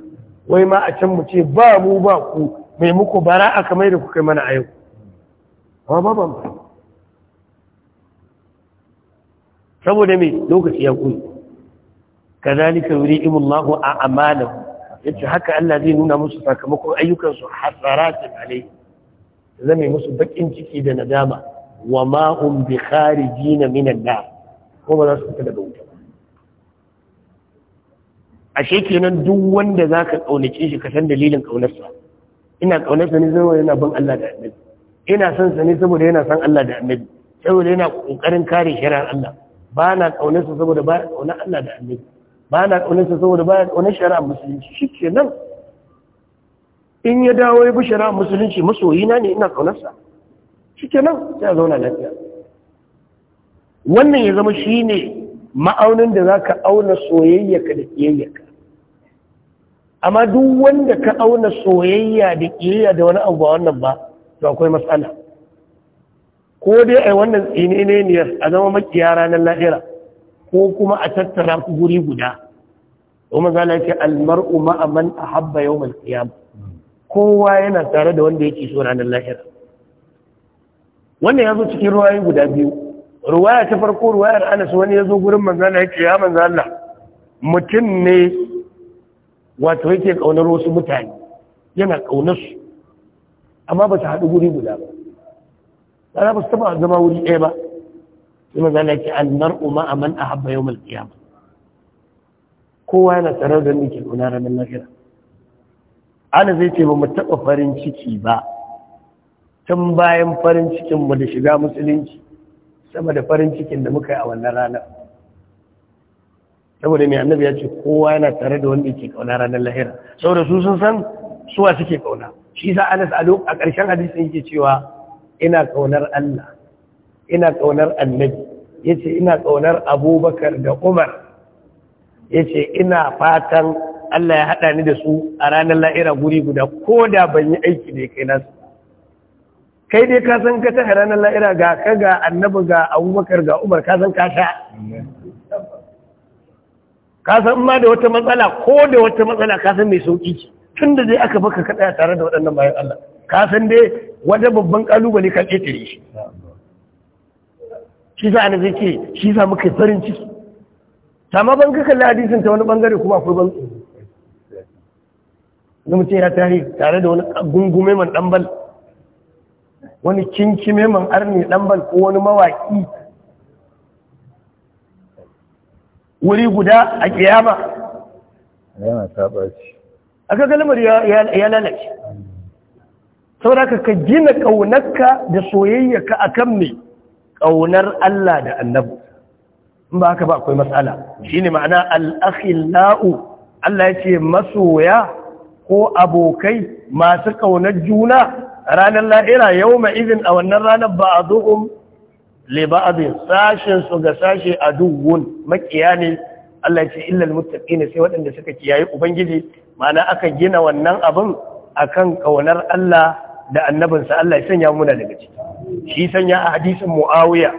wai ma a can mu ce ba mu ba ku mai muku bara a kamar da kuka mana a yau ba ba ba saboda mai lokaci ya kuri kazalika yuri'imullahu a amalahu yace haka Allah zai nuna musu sakamakon ayyukansu hasaratin alai zame musu bakin ciki da nadama wa ma hum bi kharijina minan nar kuma za su fita daga wuta ashe kenan duk wanda za ka ƙaunace shi ka san dalilin ƙaunarsa ina ƙaunarsa ne saboda yana bin Allah da annabi ina son sa ne saboda yana son Allah da annabi saboda yana ƙoƙarin kare shari'ar Allah ba na ƙaunarsa saboda ba ya ƙaunar Allah da annabi ba na ƙaunarsa saboda ba ya ƙaunar shari'ar musulunci shi kenan in ya dawo ya bi shari'ar musulunci masoyina ne ina ƙaunarsa shi kenan sai a zauna lafiya wannan ya zama shi ne ma'aunin da za ka auna soyayyaka da ƙiyayyaka amma duk wanda ka auna soyayya da ƙiyayya da wani abu wannan ba to akwai matsala ko dai ai wannan tsineneniyar a zama makiya ranar lahira ko kuma a tattara ku guri guda domin zana ce almar'u ma'aman a habba yau mai tsiyama kowa yana tare da wanda yake so ranar lahira wannan ya zo cikin ruwayi guda biyu ruwaya ta farko ruwayar anas wani ya zo gurin manzana ya ce ya manzana mutum ne wato yake kaunar wasu mutane yana kaunar su amma ba su haɗu guri guda ba ba za ba su taɓa zama wuri ɗaya ba su maza na ke annar umar a man a habba yau ba. kowa yana tsarar da nake kuna ranar lafiya ana zai ce ba mu taɓa farin ciki ba tun bayan farin cikinmu da shiga musulunci sama da farin cikin da muka yi a wannan ranar saboda mai annabi ya ce kowa yana tare da wanda ke kauna ranar lahira saboda su sun san suwa suke kauna shi sa anas a ƙarshen hadisin yake cewa ina kaunar Allah ina kaunar annabi Ya ce ina kaunar abubakar da umar Ya ce ina fatan Allah ya haɗa ni da su a ranar Lahira guri guda ko da ban yi aiki da kai nasu kai dai ka san ka ta ranar Lahira ga ka ga annabi ga abubakar ga umar ka san ka ka san ma da wata matsala ko da wata matsala ka san mai sauki tun da zai aka baka ka tsaya tare da waɗannan bayan Allah ka san dai wata babban kalubale ka ƙetare shi shi sa ana zai ce shi sa muka farin ciki sama ban ka kalli hadisin ta wani bangare kuma akwai ban tsoro na mutum ya tare tare da wani gungume man ɗanbal wani kinkime man arni ɗanbal ko wani mawaƙi wuri guda a kiyama yana shi aka kalmar ya lalace sauraka ka gina ƙaunarka da soyayyarka akan kan mai ƙaunar Allah da annabu in ba haka ba akwai matsala shi ne ma'ana al'akhila'u Allah ce masoya ko abokai masu ƙaunar juna ranar lahira yau ma'izin a wannan ranar ba a liba'adin sashen su ga sashe a duwun makiya ne Allah ce illal ne sai waɗanda suka kiyaye ubangiji ma'ana aka gina wannan abin akan ƙaunar Allah da annabinsa Allah ya sanya muna daga ciki shi sanya a hadisin Muawiya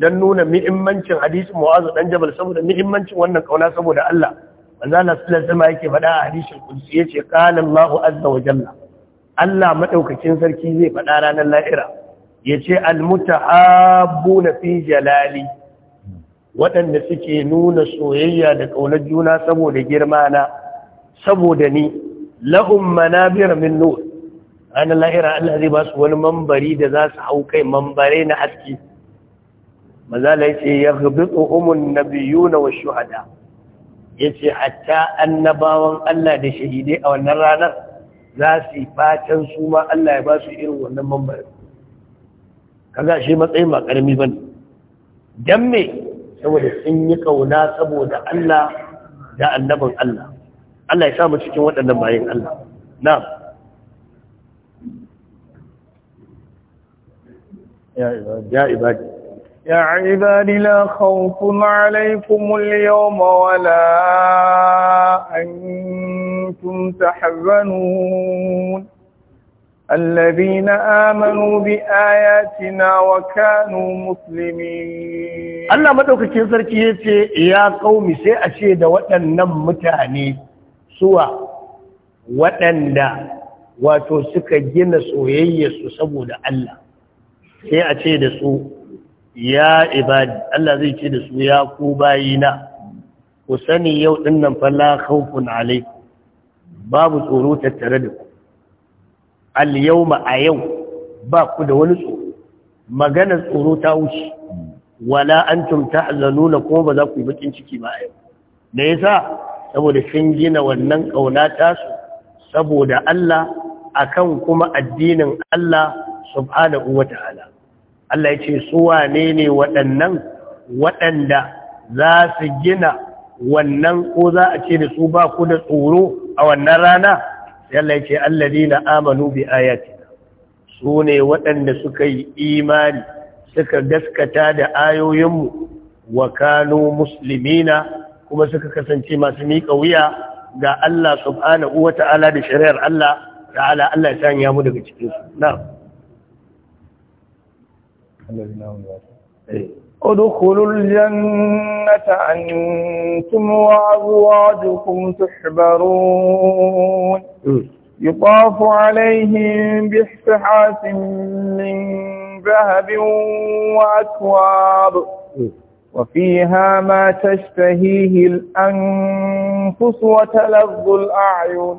don nuna muhimmancin hadisin mu'azu dan Jabal saboda muhimmancin wannan kauna saboda Allah manzo Allah sallallahu alaihi wasallam yake faɗa a hadisin Qudsi yace qala Allahu azza wa jalla Allah madaukakin sarki zai faɗa ranar Lahira. ya ce abu na fi jalali waɗanda suke nuna soyayya da ƙaunar juna saboda girma na saboda ni lahum biyar min nur ana lahira Allah zai ba su wani mambari da za su hau kai mambare na haske mazala ya ce ya rubutu umun na wasu hada ya ce hatta annabawan Allah da shahidai a wannan ranar za su yi fatan su ma Allah ya ba su irin wannan mambari kaga shi matsayin ba karami bane dan me saboda sun yi kauna saboda Allah da annabin Allah Allah ya samu cikin waɗannan bayin Allah na'am ya ibadi ya ibadi la khawfun alaykum al-yawma wala antum tahzanun الذين آمنوا بآياتنا وكانوا مسلمين الله مدوكاكين sarki yace ya qaumi sai a ce da waɗannan mutane suwa waɗanda wato suka gina soyayyarsu saboda Allah sai a ce da su ya ibadi Allah zai ce da su ya ku bayina ku sani yau dinnan fa la khawfun alaikum babu tsoro tattare da ku al-yawma a yau ba ku da wani tsoro magana tsoro ta wuce wala antum tahzanuna kuma ba za ku yi bakin ciki ba a yau me yasa saboda sun gina wannan kauna ta su saboda Allah akan kuma addinin Allah subhanahu wataala Allah yace su wane ne waɗannan waɗanda za su gina wannan ko za a ce da su ba ku da tsoro a wannan rana yalla yace alladina amanu bi ayatina sune waɗanda suka yi imani suka gaskata da ayoyinmu wa kanu muslimina kuma suka kasance masu miƙa wuya ga Allah subhanahu wata'ala da shari'ar Allah ta'ala Allah ya sanya mu daga cikin su na'am ادخلوا الجنة أنتم وأزواجكم تحبرون يطاف عليهم بحفحات من ذهب وأكواب وفيها ما تشتهيه الأنفس وتلظ الأعين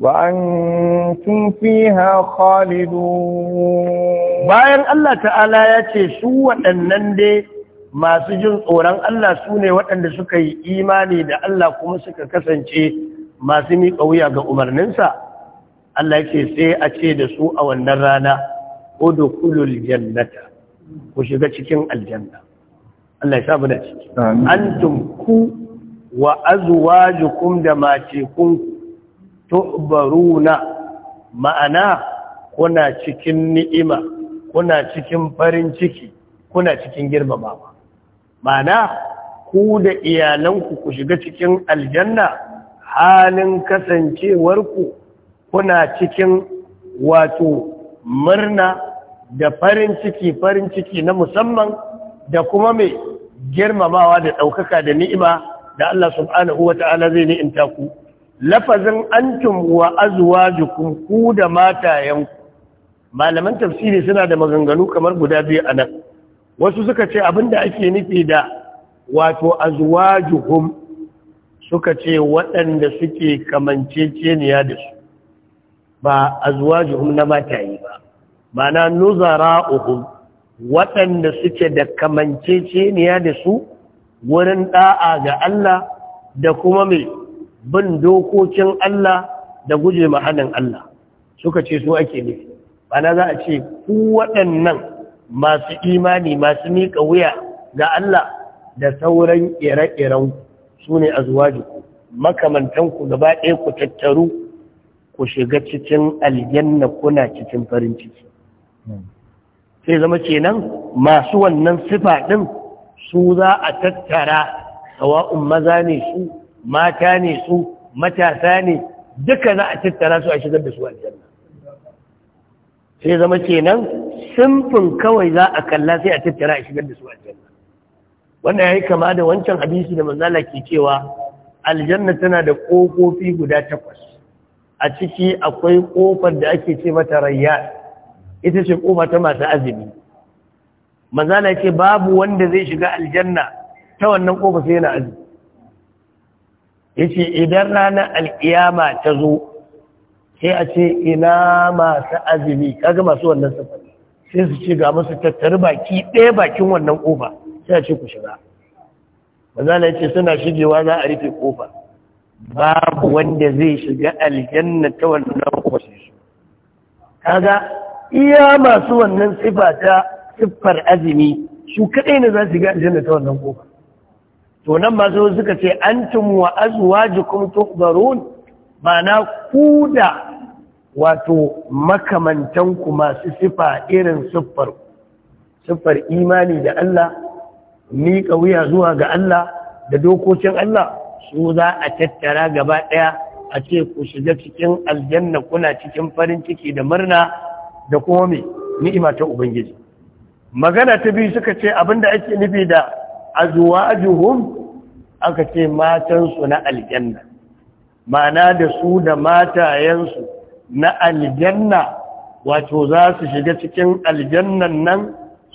وأنتم فيها خالدون bayan Allah ta'ala ya ce su waɗannan dai masu jin tsoron Allah su ne waɗanda suka yi imani da Allah kuma suka kasance masu miƙa wuya ga umarninsa Allah ya sai a ce da su a wannan rana udkhulul jannata ku shiga cikin aljanna Allah ya sa da ciki antum ku wa azwajukum da mace kunku tu'baruna ma'ana kuna cikin ni'ima kuna cikin farin ciki kuna cikin girmamawa ma'ana ku da iyalanku ku shiga cikin aljanna halin kasancewarku kuna cikin wato murna da farin ciki farin ciki na musamman da kuma mai girmamawa da ɗaukaka da ni'ima da Allah subhanahu wa ta'ala zai ni'inta ku lafazin antum wa azwajukum ku da matayenku malaman tafsiri suna da maganganu kamar guda biyu a nan wasu suka ce abinda ake nufi da wato azwajuhum suka ce waɗanda suke kamanceceniya da su ba azwajuhum na mataye ba mana nuzara'uhum waɗanda suke da kamanceceniya da su wurin da'a ga Allah da kuma mai bin dokokin Allah da guje mahanin Allah suka ce su ake ne bana za a ce ku waɗannan masu imani masu miƙa wuya ga Allah da sauran ire-iren su ne a zuwa jiku, makamantanku gaba ɗaya ku tattaru ku shiga cikin aljanna kuna cikin farin ciki sai zama kenan masu wannan sifa ɗin su za a tattara sawa'un maza ne su mata ne su matasa ne duka za a tattara su a shigar da su aljanna sai zama kenan simfin kawai za a kalla sai a tattara a shigar da su aljanna wannan yayi kama da wancan hadisi da manzala ke cewa aljanna tana da kofofi guda takwas a ciki akwai kofar da ake ce mata rayya ita ce kofa ta masu azumi manzala ce babu wanda zai shiga aljanna ta wannan kofa sai yana azumi yace idan ranar alkiyama ta zo sai a ce ina masu azumi kaga masu wannan sifar sai su ce ga masu tattari baki ɗaya bakin wannan kofa. sai a ce ku shiga manzala ya ce suna shigewa za a rufe kofa. babu wanda zai shiga aljanna ta wannan kofa kaga iya masu wannan sifa ta siffar azumi su kaɗai ne za su shiga aljanna ta wannan kofa. to nan masu suka ce antum wa azwajukum tuhbarun Ba ku da wato makamantanku masu sifa irin siffar imani da Allah ni wuya zuwa ga Allah da dokokin Allah su za a tattara gaba ɗaya a ce ku shiga cikin aljanna kuna cikin farin ciki da murna da kuma mai ni'ima Ubangiji magana ta biyu suka ce abinda ake nufi da azwajuhum aka ce matansu na aljanna mana da su da matayensu na aljanna wato za su shiga cikin aljannan nan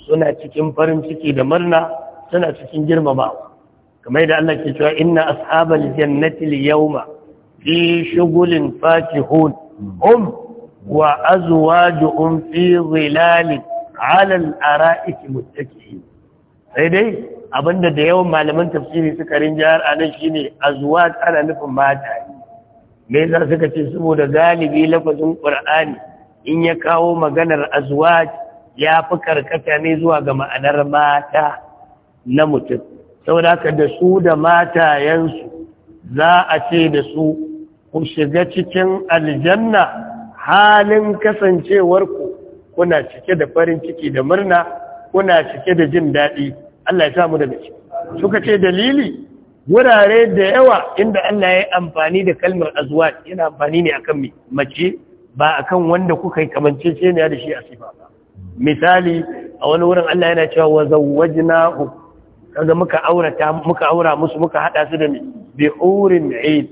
suna cikin farin ciki da murna suna cikin girmamawa kamar da Allah ke cewa inna ashabal jannati al-yawma fi shughulin fakihun hum wa azwajuhum fi dhilalin 'ala al-ara'iki muttaki'in sai dai abinda da yawan malaman tafsiri suka jihar a nan shine azwat ana nufin mata me yasa suka ce saboda galibi lafazin qur'ani in ya kawo maganar Azuwa ya fi karkata ne zuwa ga ma'anar mata na mutum saboda haka da su da matayensu za a ce da su ku shiga cikin aljanna halin kasancewarku kuna cike da farin ciki da murna kuna cike da jin daɗi Allah ya samu da ciki suka ce dalili wurare da yawa inda Allah ya amfani da kalmar azwaj yana amfani ne akan mace ba akan wanda kuka yi kamanceceniya da shi a sifa misali a wani wurin Allah yana cewa wa zawwajnahu kaga muka aurata muka aura musu muka hada su da mi bi urin ain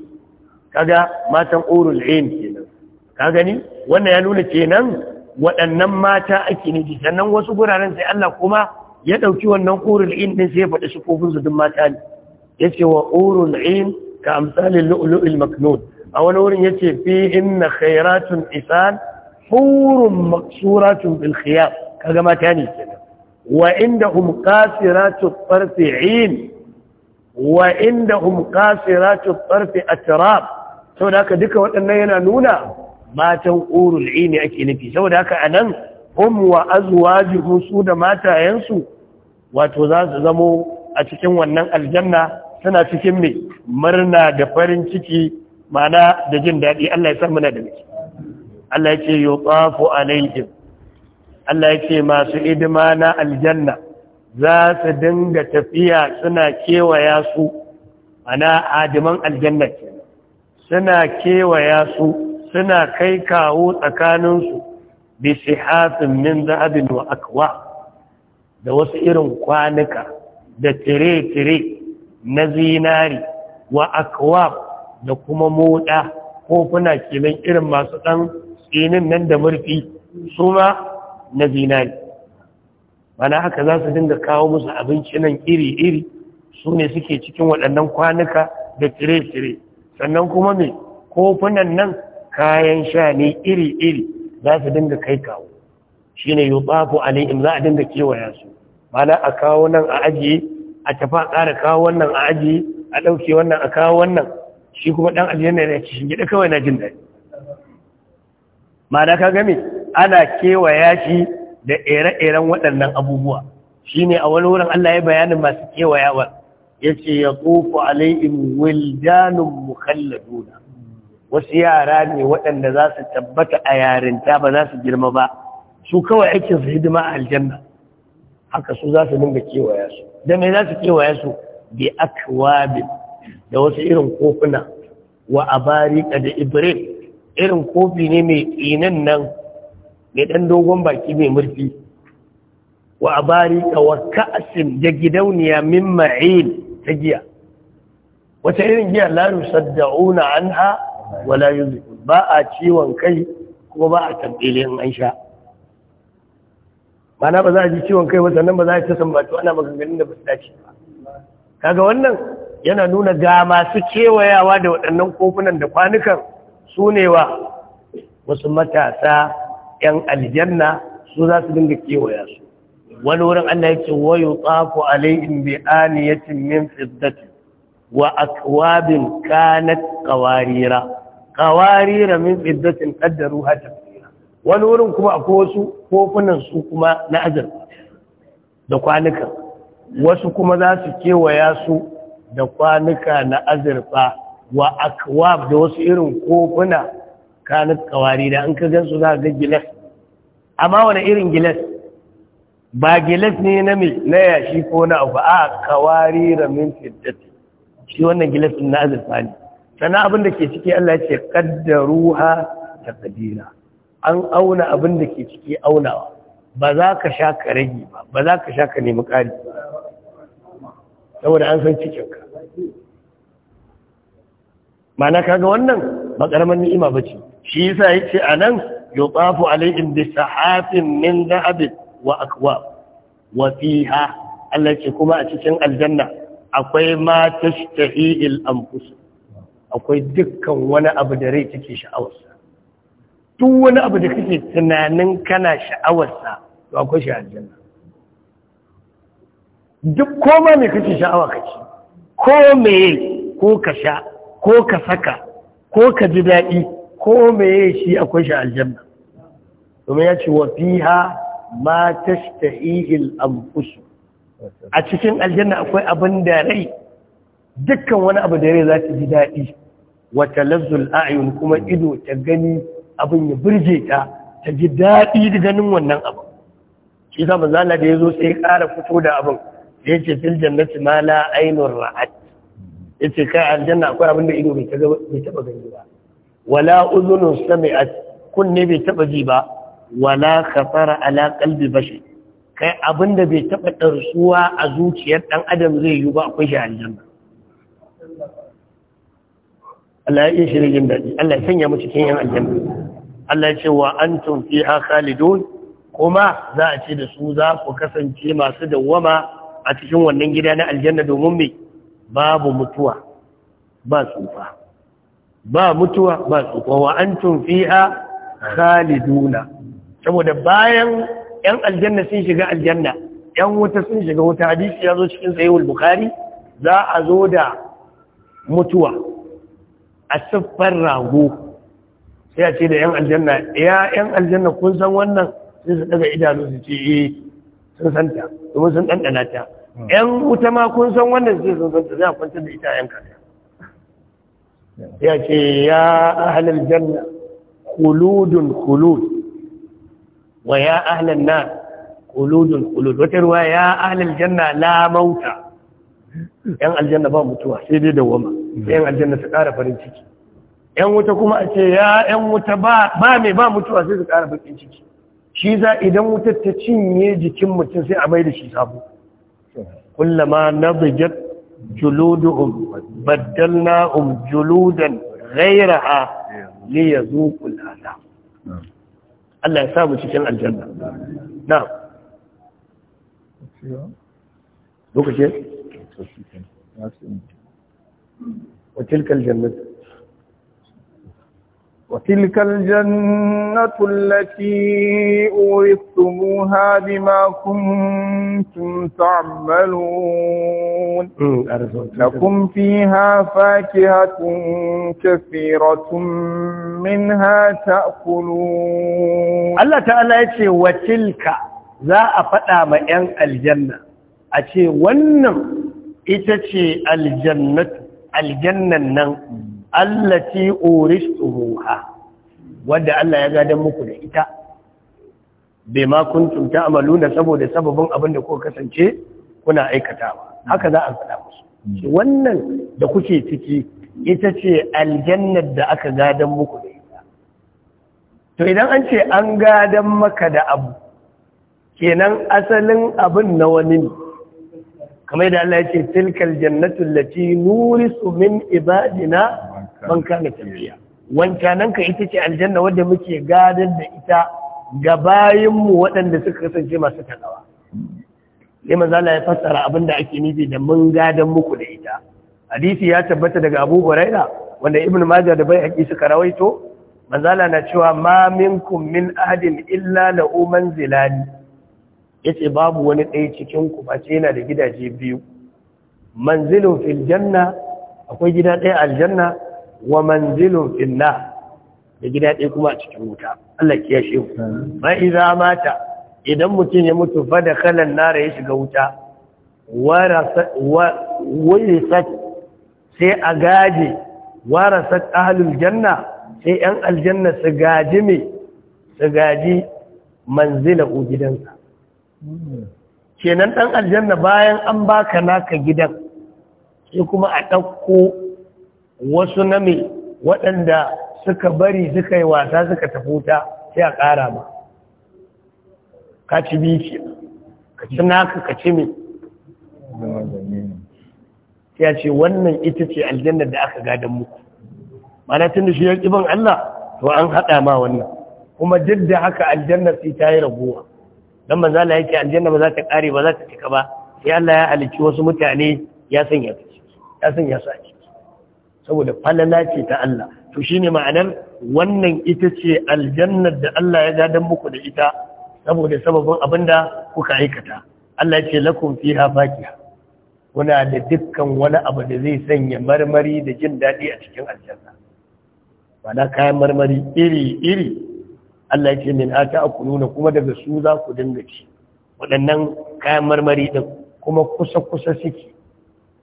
kaga matan urul ain kenan ka gani wannan ya nuna kenan waɗannan mata ake ne sannan wasu guraren sai Allah kuma ya ɗauki wannan ƙurin in ɗin sai ya faɗi shi kofinsu duk mata ne ya ce wa ƙurin in ka amsalin lu'ulu'il maknun a wani wurin ya ce fi inna khairatun isan hurun maksuratun bil khiyar kaga mata ne kenan wa inda hum qasiratu tarfi'in wa inda hum qasiratu tarfi atrab saboda haka duka waɗannan yana nuna matan ƙurin in ake nufi saboda haka anan hum wa azwajuhu su da matayensu wato za su zamo a cikin wannan aljanna suna cikin me murna da farin ciki mana da jin daɗi Allah ya san muna da miki Allah ya ce yuqafu alaihim Allah ya ce masu idima na aljanna za su dinga tafiya suna kewaya su ana adiman aljanna suna kewaya su suna kai kawo tsakaninsu bi sihatin min zahabin wa akwa da wasu irin kwanuka da tire-tire na zinari wa akwa da kuma moda kofuna kenan irin masu ɗan tsinin nan da murfi su ma na zinari mana haka za su dinga kawo musu abinci nan iri-iri su ne suke cikin waɗannan kwanuka da tire-tire sannan kuma mai kofunan nan kayan sha ne iri-iri za su dinga kai kawo shi ne a alaihim za a dinga kewaya su na a kawo nan a ajiye a tafa ƙara kawo wannan a ajiye a ɗauke wannan a kawo wannan shi kuma ɗan ajiyar na yana shi gida kawai na jin daɗi mana ka gami, ana kewaya shi da ire-iren waɗannan abubuwa shi ne a wani wurin Allah ya bayanin masu kewayawar ya ce ya tsofa alaihim wildanun mukhalladuna wasu yara ne waɗanda za su tabbata a yarinta ba za su girma ba su kawai ake su hidima a aljanna haka su za su dinga kewaya su da mai za su kewaya su bi akwabi da wasu irin kofuna wa abarika da ibrahim irin kofi ne mai tsinan nan mai ɗan dogon baki mai murfi wa abarika wa ka'asin da gidauniya min ma'il ta giya wata irin giya la yusadda'una anha wala yuzi ba a ciwon kai kuma ba a tambele in an sha mana ba za a ji ciwon kai ba sannan ba za a ta sambaci ana maganganun da ba su dace ba kaga wannan yana nuna ga masu kewayawa da waɗannan kofunan da kwanukan su ne wa wasu matasa 'yan aljanna su za su dinga kewaya su wani wurin Allah yake wayo tsafo alaihim bi aniyatin min fiddati wa akwabin kanat qawarira qawarira min biddatin ha tafsira wani wurin kuma akwai wasu kofunan su kuma na azurfa da kwanuka wasu kuma za su kewaya su da kwanuka na azurfa wa akwab da wasu irin kofuna kawari da an ka su za ga gilas amma wani irin gilas ba gilas ne na mai na yashi ko na abu a kawarira min fiddati shi wannan gilas na azurfa ne Sana abin da ke ciki Allah ce kaddaruha taqdira an auna abin da ke ciki aunawa ba za ka sha ka rage ba ba za ka sha ka nemi ƙari saboda an san cikinka mana kaga wannan ba ƙaramin ni'ima ba ce shi yasa ya ce a nan yutafu alaihim bi sahafin min dhahab wa akwab wa fiha Allah ce kuma a cikin aljanna akwai ma tashtahi al anfus akwai dukkan wani abu da rai take sha'awarsa duk wani abu da kake tunanin kana sha'awarsa to akwai shi aljanna duk koma mai kake sha'awa kake ko meye ko ka sha ko ka saka ko ka ji daɗi ko meye shi akwai shi aljanna domin ya ce wa fiha ma tashtahihi al-anfus a cikin aljanna akwai abin da rai dukkan wani abu da rai za ta ji daɗi wata lafzul a'yun kuma ido ta gani abin ya burge ta ta ji daɗi da ganin wannan abu shi sa manzala da ya zo sai ƙara fito da abin da ya ce fil jannati ma la ainur ra'at ya ce kai aljanna akwai abin da ido bai taɓa gani ba wala uzunun sami'at kunne bai taɓa ji ba wala kafara ala qalbi bashi kai abin da bai taba ɗarsuwa a zuciyar ɗan adam zai yi ba akwai shi aljanna Allah ya shirin yin daɗi Allah ya sanya mu cikin yan aljanna Allah ya ce wa an antum fiha khalidun kuma za a ce da su za ku kasance masu dawwama a cikin wannan gida na aljanna domin me babu mutuwa ba tsufa ba mutuwa ba tsufa wa an antum fiha khaliduna saboda bayan yan aljanna sun shiga aljanna yan wuta sun shiga wuta hadisi ya zo cikin sahihul bukhari za a zo da mutuwa a siffar rago sai a ce da yan aljanna ya yan aljanna kun san wannan sai su daga idanu su ce eh sun santa domin sun dandana ta hmm. yan wuta ma kun san wannan sai sun santa za a kwantar da ita yan kariya ya ce ya ahalar janna kuludun kulud wa ya ahalar na kuludun kulud wata ruwa ya ahalar janna la mauta yan aljanna ba mutuwa sai dai da wama yan aljanna su ƙara farin ciki yan wuta kuma a ce ya yan wuta ba mai ba mutuwa sai su ƙara farin ciki shi za idan wuta ta cinye jikin mutum sai a mai da shi sabo kullama nadijat juluduhum baddalnahum juludan ghayraha liyazuqul azab Allah ya samu cikin aljanna na'am lokaci وتلك الجنة وتلك الجنة التي أورثتموها بما كنتم تعملون لكم فيها فاكهة كثيرة منها تأكلون الله تعالى يتشي وتلك za a faɗa ma 'yan أتشي a ce aljannan nan allati uristuha wanda Allah ya gadan muku da ita bai ma kun kuntum ta'maluna saboda sababin abin da kuka kasance kuna aikatawa haka za a faɗa musu wannan da kuke ciki ita ce aljannar da aka gadan muku da ita to idan an ce an gadan maka da abu kenan asalin abin na wani ne kamar yadda Allah ya ce tilkal jannatu lati nurisu min ibadina man kana taqiya wancanan ita ce aljanna wadda muke gadar da ita ga mu waɗanda suka kasance masu takawa sai manzo Allah ya fassara abinda ake nufi da mun gadan muku da ita hadisi ya tabbata daga Abu Hurairah wanda Ibn Majah da Baihaqi suka rawaito manzo Allah na cewa ma minkum min ahadin illa lahu manzilani yace babu wani ɗaya cikin ku face yana da gidaje biyu manzilin fil janna akwai gida ɗaya aljanna wa manzilin fil da gida ɗaya kuma a cikin wuta Allah ya shi ku ma za mata idan mutum ya mutu fa da kalan nara ya shiga wuta warasat sai a gaje warasat ahlul janna sai yan aljanna su gaji mai su gaji manzila gidansa kenan ɗan aljanna bayan an baka naka gidan sai kuma a ɗauko wasu na mai waɗanda suka bari suka yi wasa suka tafuta sai a ƙara ba ka ci biki ka ci naka ka ci mai ya ce wannan ita ce aljanna da aka gadon muku mana tun da shi ya Allah to an haɗa ma wannan kuma duk da haka aljanna sai ta yi raguwa dan manzo Allah yake aljanna ba za ta kare ba za ta cika ba sai Allah ya halicci wasu mutane ya sanya su ya sanya su a ciki saboda falala ce ta Allah to shine ma'anar wannan ita ce aljannar da Allah ya gadan muku da ita saboda sababin abinda kuka aikata Allah ya ce lakum fiha fakiha kuna da dukkan wani abu da zai sanya marmari da jin daɗi a cikin aljanna na kayan marmari iri-iri Allah ya ce min ata akuluna kuma daga su za ku dinga ci waɗannan kayan marmari din kuma kusa kusa suke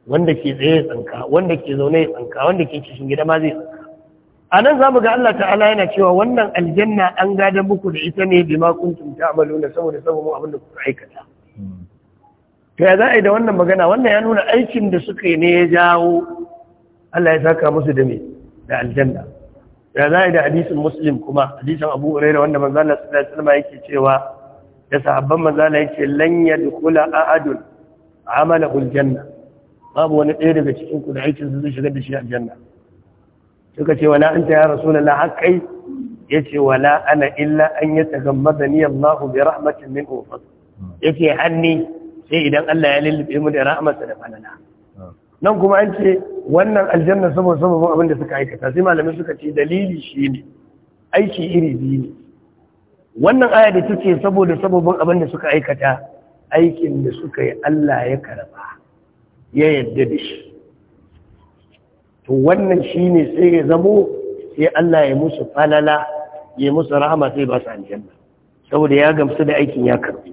wanda ke tsaye ya tsanka wanda ke zaune ya tsanka wanda ke cikin gida ma zai tsanka a nan za mu ga Allah ta'ala yana cewa wannan aljanna an gada muku da ita ne bima kuntum ta'maluna saboda saboda abin da kuka aikata to ya za a yi da wannan magana wannan ya nuna aikin da suka yi ne ya jawo Allah ya saka musu da me da aljanna ya zai da hadisin muslim kuma hadisin abu huraira wanda manzala sallallahu alaihi wasallam yake cewa da sahabban manzala yake lan yadkhula ahadun amalahu aljanna babu wani ɗaya daga cikin ku da aikin zai shigar da shi aljanna suka ce wala anta ya rasulullah hakai yace wala ana illa an yatagammadani Allah bi rahmatin minhu fa yace hanni sai idan Allah ya lullube mu da rahmatsa da falala nan kuma an ce wannan aljanna saboda abin da suka aikata sai malamai suka ce dalili shi ne aiki iri biyu ne wannan aya da take saboda sababin abin da suka aikata aikin da suka yi Allah ya karba ya yadda da shi to wannan shi ne sai ya zamo sai Allah ya musu falala ya musu rahama sai ba su aljanna saboda ya gamsu da aikin ya karbi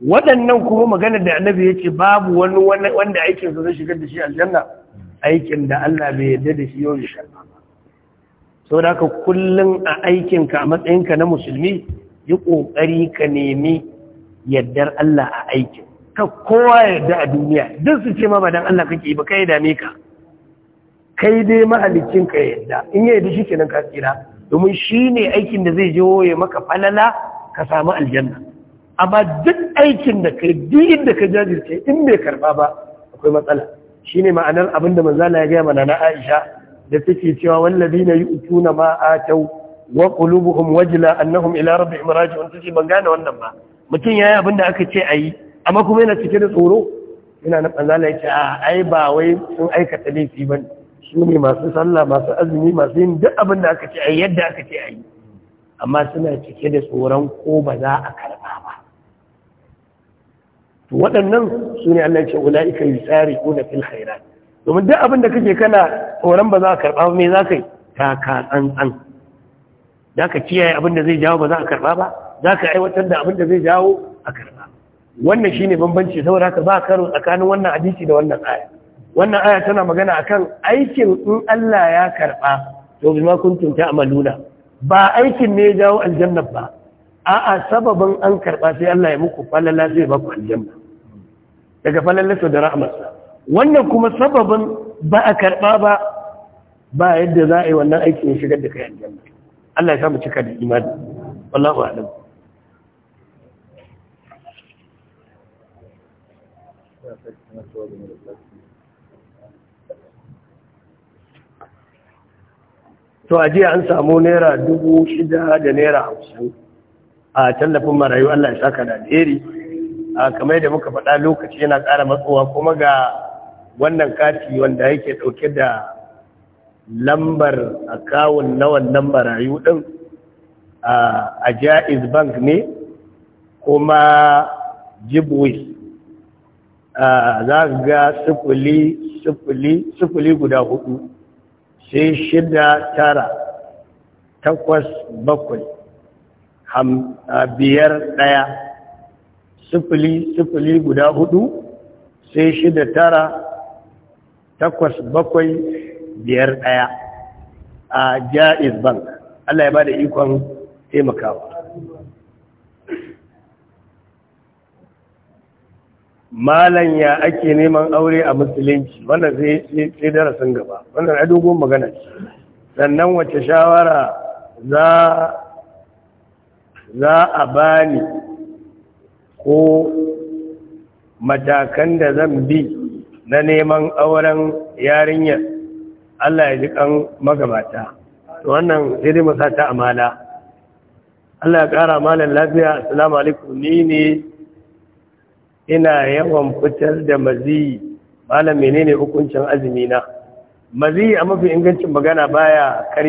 waɗannan kuma magana da annabi ya ce babu wani wanda aikinsa zai shiga da shi aljanna aikin da Allah bai yarda da shi yau da shanna sau da haka kullum a aikinka a matsayinka na musulmi yi ƙoƙari ka nemi yaddar Allah a aikin ka kowa yarda a duniya duk su ce ma ba dan Allah kake yi ba kai dame ka kai dai mahalicin ka yarda in ya yarda kenan ka tsira domin shi ne aikin da zai je ya maka falala ka samu aljanna amma duk aikin da kai duk da ka jajirce in bai karba ba akwai matsala shine ma'anar abin da manzala ya gaya mana na Aisha da take cewa wallazina yu'tuna ma atau wa qulubuhum wajla annahum ila rabbihim raji'un tace ban gane wannan ba mutum yayi abin da aka ce ayi amma kuma yana cike da tsoro Ina na manzala ya ce a ai ba wai sun aikata laifi bane su ne masu sallah masu azumi masu yin duk abin da aka ce ayi yadda aka ce ayi amma suna cike da tsoron ko ba za a karba ba waɗannan su ne Allah ce ula'ika yi tsari kuna fil khairat domin duk abin da kake kana tsoron ba za a karɓa me za ka yi taka tsantsan za ka kiyaye abin da zai jawo ba za a karɓa ba za ka aiwatar da abin da zai jawo a karɓa wannan shine bambanci saboda ka ba karo tsakanin wannan hadisi da wannan aya wannan aya tana magana akan aikin in Allah ya karɓa to bima kuntum ta'maluna ba aikin ne ya jawo aljanna ba a'a sababin an karɓa sai Allah ya muku falala zai baku aljanna daga falallarsa da rahmarsa wannan kuma sababin ba a karɓa ba ba yadda za a yi wannan aikin shigar da kai aljanna Allah ya samu cika da imani wallahu a'lam to a jiya an samu naira dubu shida da naira hamsin a tallafin marayu Allah ya saka da alheri kamar yadda muka faɗa lokaci yana ƙara matsowa kuma ga wannan kati wanda yake ɗauke da lambar akawun na wannan marayu ɗin a jaiz bank ne kuma jibwe za ga sifili sifili sifili guda hudu sai shida tara takwas bakwai biyar ɗaya sifili sifili guda hudu sai shida tara takwas bakwai biyar ɗaya a jaiz bank Allah ya ba ikon taimakawa malan ya ake neman aure a musulunci wannan sai darasin gaba wannan a dogon magana sannan wace shawara za a bani ko matakan da zan bi na neman auren yarinyar Allah ya ji kan magabata to wannan sai dai mu sa amana Allah ya ƙara malan lafiya assalamu alaikum ni ne ina yawan fitar da mazi malam menene hukuncin azumi na mazi a mafi ingancin magana baya karya